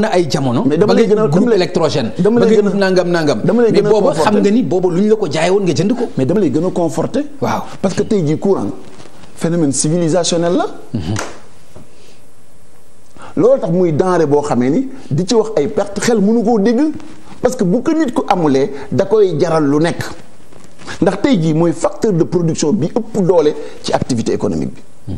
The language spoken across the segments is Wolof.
na jamono. mais dama lay gën a la électrogène. dama lay gën a nangam nangam. dama lay gën a conforté mais booba xam nga ni booba lu ñu la ko jaay woon nga jënd ko. mais dama lay gën a conforté. waaw parce que tey jii courant phénomène civilisationnel la. loolu tax muy denrée boo xamee ni di ci wax ay perte xel mënu koo dégg parce que bu ko nit ku amulee da koy jaral lu nekk ndax tey jii mooy facteur de production bi ëpp doole ci activité économique bi.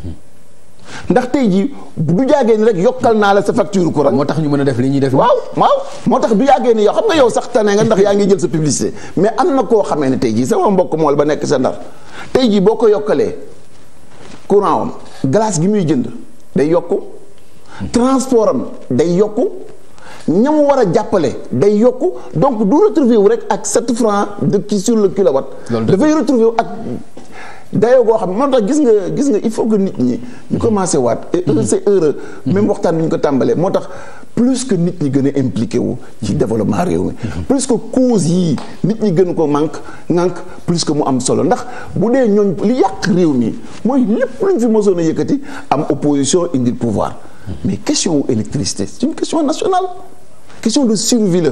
ndax tey jii du jaagee ni rek yokkal naa la sa facture courant. moo tax ñu mën a def li ñuy def. waaw waaw moo tax du yaagee ni yow xam nga yow sax tane nga ndax yaa ngi jël sa publicité mais am na koo xamee ne tey jii sama mbokk mool ba nekk sa ndar tey jii boo ko yokkalee courant am glace gi muy jënd day yokku transport am day yokk ñam war a jàppale day yokk donc du retrouver wu rek ak 7 francs de kii sur le kilowatt. dafay retrouver dayoo goo xam ne moo tax gis nga gis nga il faut que nit ñi ñu commencé waat et euh, mm-hmm. c'est heureux mm-hmm. même waxtaan bi ñu ko tàmbalee moo tax plus que nit ñi gën a impliqué wu ci développement réew mi mm-hmm. plus que cause yii nit ñi gën ko manque manque plus que mu am solo ndax bu dee ñooñ li yàq réew mi mooy lépp luñ fi mosoon a yëkkati am opposition indi pouvoir mais question wu électricité c'est une question nationale question de survie la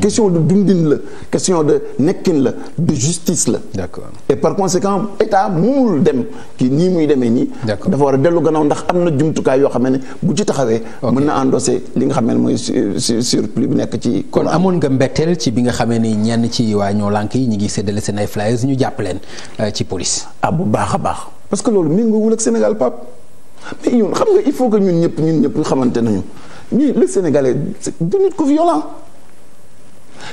question de dundin la question de nekkin la de justice la. d'accord et par conséquent état mënul dem ki nii muy demee nii. dafa war a dellu gannaaw ndax am na jumtukaay yoo xam ne bu ci taxawee. mën na endosser li nga xam ne mooy surplus bi nekk ci. kon amoon nga mbetteel ci bi nga xamee ni ñenn ci waa ñoo lànk yi ñu ngi séddale seen ay ñu jàpp leen euh, ci police. ah bu baax a baax parce que loolu méngoowul ak Sénégal Pape mais ñun xam nga il faut que ñun ñëpp ñun ñëpp xamante nañu ñii le Sénégalais du nit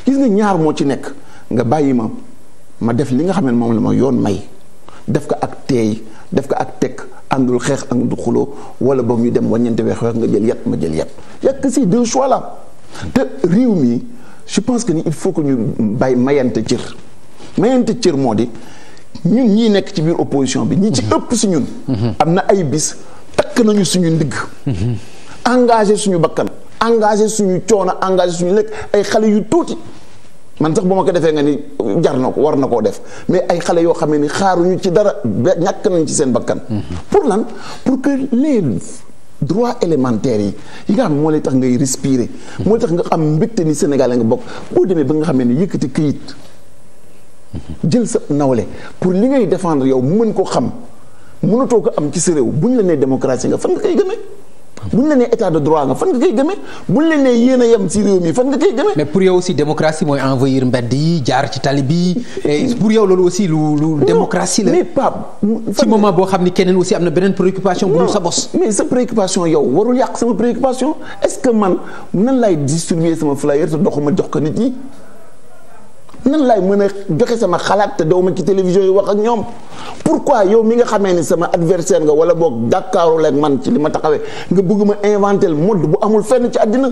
gis nga ñaar moo ci nekk nga bàyyi ma ma def li nga xam ne moom la ma yoon may def ko ak teey def ko ak tek àndul xeex ak du xuloo wala ba ñu dem wàññeente weex nga jël yat ma jël yat yàq si deux choix la te réew mi je pense que ni il faut que ñu bàyyi mayante cër mayante cër moo di ñun ñii nekk ci biir opposition bi ñi ci mhm. ëpp si ñun mhm. am na ay bis takk nañu suñu ndigg mhm. engagé suñu bakkan engagé suñu coono engage suñu lekk ay xale yu tuuti man sax boo ma ko defee nga ni jar na ko war na koo def mais ay xale yoo xam ne ni xaaruñu ci dara ñàkk nañ ci seen bakkan. pour lan pour que les droit élémentaire yi yi nga xam moo lay tax ngay respirer. moo lay tax nga am mbégte ni Sénégal nga bokk boo demee ba nga xam ne yëkkati këyit jël sa nawle pour li ngay défendre yow mën koo xam mënatoo ko am ci sa réew bu ñu la nee démocratie nga fan nga koy bu ñu la nee état de droit nga fan nga koy gëmee bu ñu la nee yéen a si réew mi fan nga koy gëmee. mais pour yow aussi démocratie mooy envahir mbedd yi jaar ci tali bi pour aussi lu lu. démocratie la mais Pape. boo xam ni keneen aussi am na beneen préoccupation. bu dul sa bos mais sa préoccupation yow warul yàq sama préoccupation est-ce que man nan laay distribuer sama flyer te doxuma jox ko nit ñi. nan laay mën a joxe sama xalaat te daw ma ci télévision yi wax ak ñoom pour pourquoi yow mi nga xamee ni sama adversaire nga wala boog dàkkaaru leeg man ci li ma taxawee nga bëgg ma inventé mode bu amul fenn ci àddina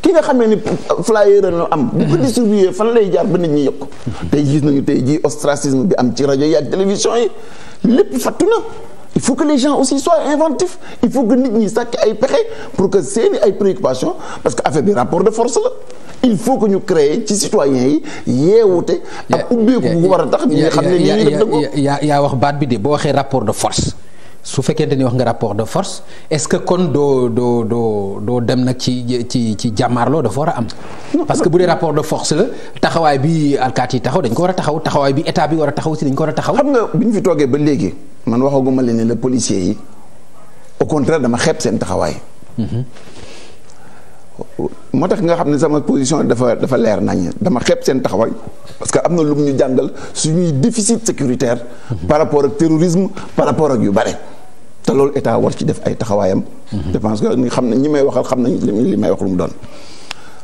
ki nga xamee ni flyer la am bu ko distribué fan lay jaar ba nit ñi yëg tey gis nañu tey ji ostracisme bi am ci rajo yi ak télévision yi lépp fattu na il faut que les gens aussi soient inventifs il faut que nit ñi sàkk ay pexe pour que seeni ay préoccupations parce que affaire bi rapport de force la il faut que ñu créer ci citoyens yi yeewute ak ubbeeku bu war a tax xam ne lii yaa wax baat bi de boo waxee rapport de force su fekkente ni wax nga rapport de force est-ce que kon doo doo doo doo dem nag ci ci ci jàmmaarloo dafa war a am. parce que bu dee rapport de force la taxawaay bi alkaat yi taxaw dañ ko war a taxaw taxawaay bi état bi war a taxaw si dañ ko war a taxaw. xam nga bi ñu fi toogee ba léegi man waxaguma leen ne la policiers yi au contraire dama xeeb seen taxawaay. Mhm. moo tax nga xam ne sama position dafa dafa leer nañ dama xeeb seen taxawaay parce que am na lu mu ñu jàngal suñuy déficit sécuritaire par rapport ak terrorisme par rapport ak yu bare te loolu état war ci def ay taxawaayam je pense que ni xam ne ñi may waxal xam nañ li may wax lu mu doon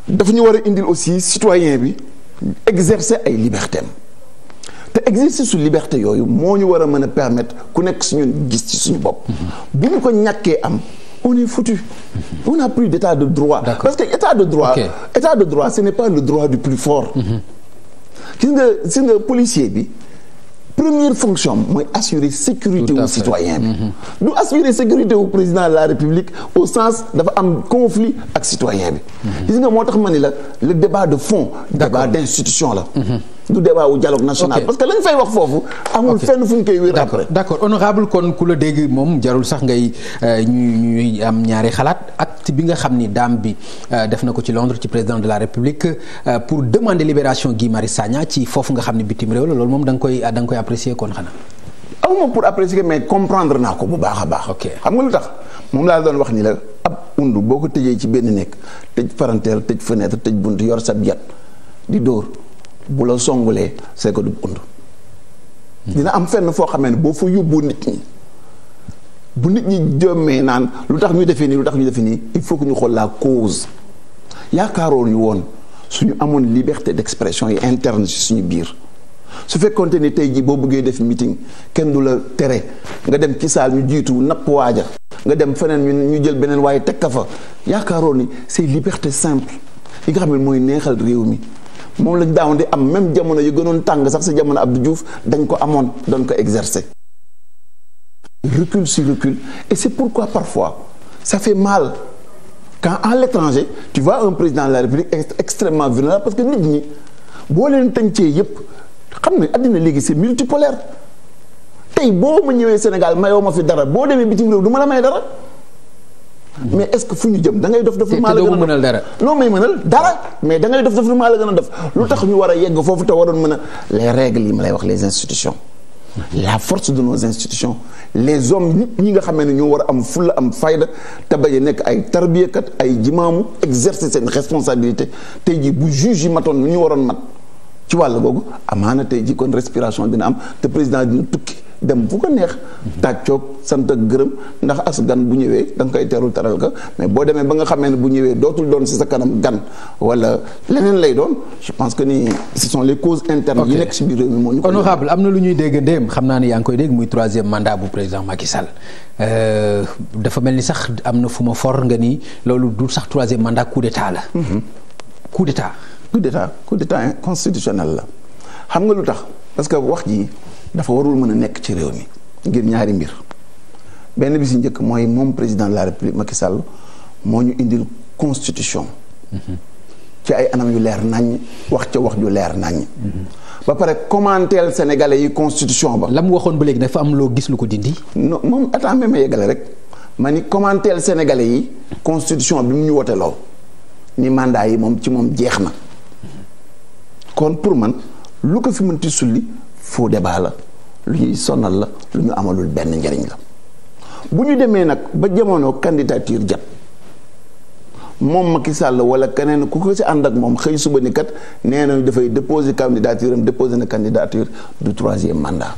dafa ñu war a indil aussi citoyen bi exercer ay liberté am te exercer su liberté yooyu moo ñu war a mën a permettre ku nekk suñu gis ci suñu bopp mhm. bu ñu ko ñàkkee am on est foutu. On n'a plus d'état de droit. Parce que état de droit, okay. état de droit, ce n'est pas le droit du plus fort. Mhm. gis nga policier bi première fonction mooy assurer sécurité wu citoyen bi mhm. du assurer sécurité wu président de la république au sens dafa am conflit ak citoyen bi mhm. gis nga moo tax ma ni la le débat de fond débat d'institution la du débat wu dialogue national. parce que lañ fay wax foofu. amul fenn fu ñu koy wér après. d'accord honorable kon ku la dégg moom jarul sax ngay euh, ñuy ñuy am ñaari xalaat acte bi nga xam ni daam bi euh, def na ko ci Londres ci président de la République euh, pour demander libération gii Marius Sagna ci foofu nga xam ni bitim réew la loolu moom danga koy da nga koy apprécier kon xanaa. awma pour apprécier mais comprendre naa ko bu baax a baax. ok xam nga lu tax moom laa doon wax ni la ab undu boo ko tëjee ci benn nekk tëj parentel tëj fenêtre tëj bunt yor sab yat di dóor. bu la songulee c'est que du und dina am fenn foo xamee ne boo fa yóbboo nit ñi bu nit ñi jëmmee naan lu tax ñu defee nii lu tax ñu defee nii il faut que ñu xool la cause yaakaaroon ñu woon suñu amoon liberté d'expression yi interne ci suñu biir su fekkonte ni tey jii boo bëggee def meeting kenn du la tere nga dem ci saal ñu jiitu napp waaja nga dem feneen ñu jël beneen waaye teg ka fa yaakaaroon ni c'est liberté simple yi nga xam ne mooy neexal réew mi moom lañ daawoon di am même jamono yu gënoon tàng sax si jamono Abdou Diouf dañ ko amoon doon ko exercer recul si recul et c'est pourquoi parfois ça fait mal quand à l'étranger tu vois un président de la République extrêmement vulnérable parce que nit ñi boo leen tëncee yépp xam ne àddina léegi c'est multipolaire tey boo ma ñëwee Sénégal mayoo ma fi dara boo demee bitim réew du ma la may dara mais est-ce que fu ñu jëm dangay ngay def def lu maa la gën a mënal dara non mais dara mais da def def lu maa la a def tax ñu war a yegg foofu te waroon mën a les règles yi ma lay wax les institutions la force de nos institutions les hommes ñi nga xamee ne ñoo war a am fulla am fayda te bañ nekk ay tarbiyakat ay jimaamu exercer seen responsabilité tey jii bu juge yi matoon lu ñu waroon mat ci wàll googu amaana tey jii kon respiration dina am te président dina tukki dem fu ko neex tàccoog sant ak gërëm ndax as gan bu ñëwee da koy teeru teral ka mais boo demee ba nga xamee ne bu ñëwee dootul doon si sa kanam gan wala leneen lay doon je pense que ni ce sont les causes internes yi nekk si biir réew mi moo ñu honorable am na lu ñuy dégg ndéem xam naa ne yaa ngi koy dégg muy troisième mandat bu président Macky euh, dafa mel ni sax am na fu ma for nga ni loolu du sax troisième mandat coup d'état la mhm. coup d'état coup la dafa warul mën a nekk ci réew mi ngir ñaari mbir benn bi si njëkk mooy moom président de la république Macky Sall moo ñu indil constitution. ci ay anam yu leer nañ wax ca wax ju leer nañ ba pare commenter sénégalais yi constitution ba. la mu waxoon ba léegi dafa am loo gis lu ko dindi. non moom attends même ma yeggale rek ma ni commenter sénégalais yi constitution bi mu ñu wote ni mandat yi moom ci moom jeex na kon pour man lu ko fi mënti sulli faux lu ñuy sonal la lu ñu amalul benn njariñ la bu ñu demee nag ba jamono candidature jat moom Macky Sall wala keneen ku ko ci ànd ak moom xëy suba ni kat nee nañu dafay déposer candidature am déposer na candidature du troisième mandat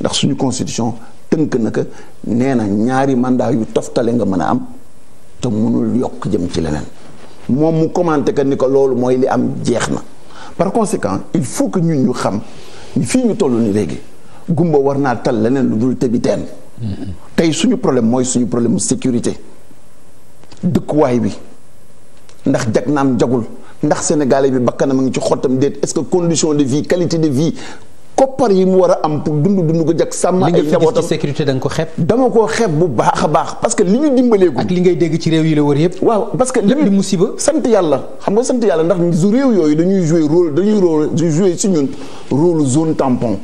ndax suñu constitution tënk na ko nee na ñaari mandat yu toftale nga mën a am te mënul yokk jëm ci leneen moom mu commenté que ni ko loolu mooy li am jeex na par conséquent il faut que ñun ñu xam fii ñu toll ni léegi gumba war naa tal leneen lu dul tëbi teen tey suñu problème mooy suñu problème sécurité dëkkuwaay bi ndax jag naam jagul ndax sénégalais bi bakkanam a ngi ci xottam de est-ce que condition de vie qualité de vie koppar yi mu war a am pour dund dund ko jag sàmm ay njabootam sécurité da ko xeeb dama koo xeeb bu baax a baax parce que li ñu dimbaleeku ak li ngay dégg ci réew yi la war yëpp waaw parce que lépp di sant yàlla xam nga sant yàlla ndax su réew yooyu dañuy jouer rôle dañuy rôle jouer si zone tampon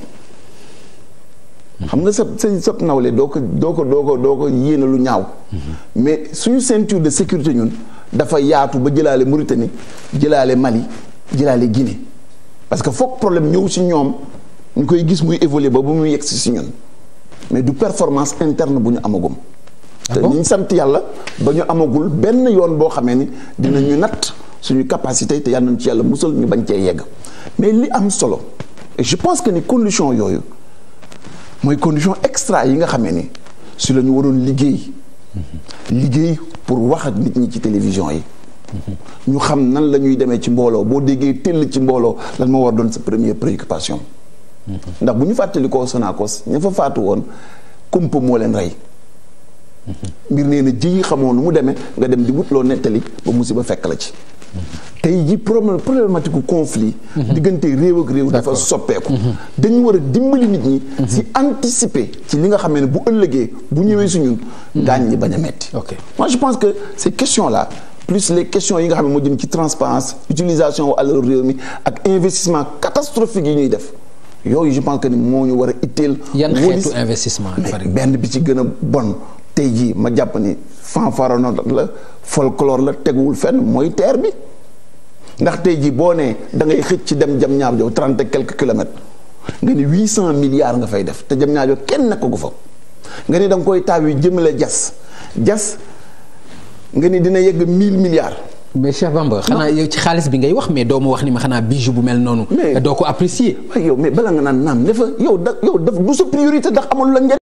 xam nga sa sa sa nawle doo ko doo ko doo ko doo ko yéene lu ñaaw. Mm-hmm. mais suñu ceinture de sécurité ñun dafa yaatu ba jëlaale Mauritanie jëlaale Mali jëlaale Guinée parce que foog problème ñëw si ñoom ñu koy gis muy évoluer ba bu muy yegg si si ñun mais du performance interne bu ñu amagum. Ah te ñu sant yàlla ba ñu amagul benn yoon boo xamee ni ñu natt suñu capacité te yàlla nañ ci yàlla musal ñu bañ cee yegg mais li am solo et pense que ni condition yooyu. mooy condition extra yi nga xamee ni si lañu ñu waroon liggéey liggéey pour wax ak nit ñi ci télévision yi ñu xam nan la ñuy demee ci mbooloo boo déggee tëll ci mbooloo lan moo war doon sa première préoccupation ndax bu ñu fàttali koo Sonacos ña fa faatu woon kumpa moo leen rey mbir nee na ji yi xamoon lu mu demee nga dem di wut loo nettali ba musiba fekk la ci tey ji problème problématique gu conflit. Mhm. diggante réew ak réew. dafa soppeeku. Mhm. dañu war a dimbali nit ñi. si mhm. anticiper ci li nga xam ne bu ëllëgee bu ñëwee suñu gaañ ñi bañ a metti. ok moi je pense que ces question là. plus les questions yi nga xam ne moo jëm ci transparence utilisation alalu réew mi ak investissement catastrophique yi ñuy def yooyu je pense que ni moo ñu war a itteel. yan xeetu investissement benn bi ci gën a bon tey jii ma jàpp ni fanfaronnade la folklore la teguwul fenn mooy terre bi. ndax tey jii boo nee da ngay xëcc dem jam ñaar jow trente et quelques kilomètres nga ni huit cent milliards nga fay def te jam ñaar jow kenn nekk ko fa nga ni da nga koy taaw yi jëmale jas jas nga ni dina yegg mille milliards. mais Cheikh Bamba xanaa yow ci xaalis bi ngay wax mais doo ma wax ni ma xanaa bijou bu mel noonu. doo ko apprécier. yow mais bala nga naan naam ne fa yow daf du sa priorité ndax amul la njëriñ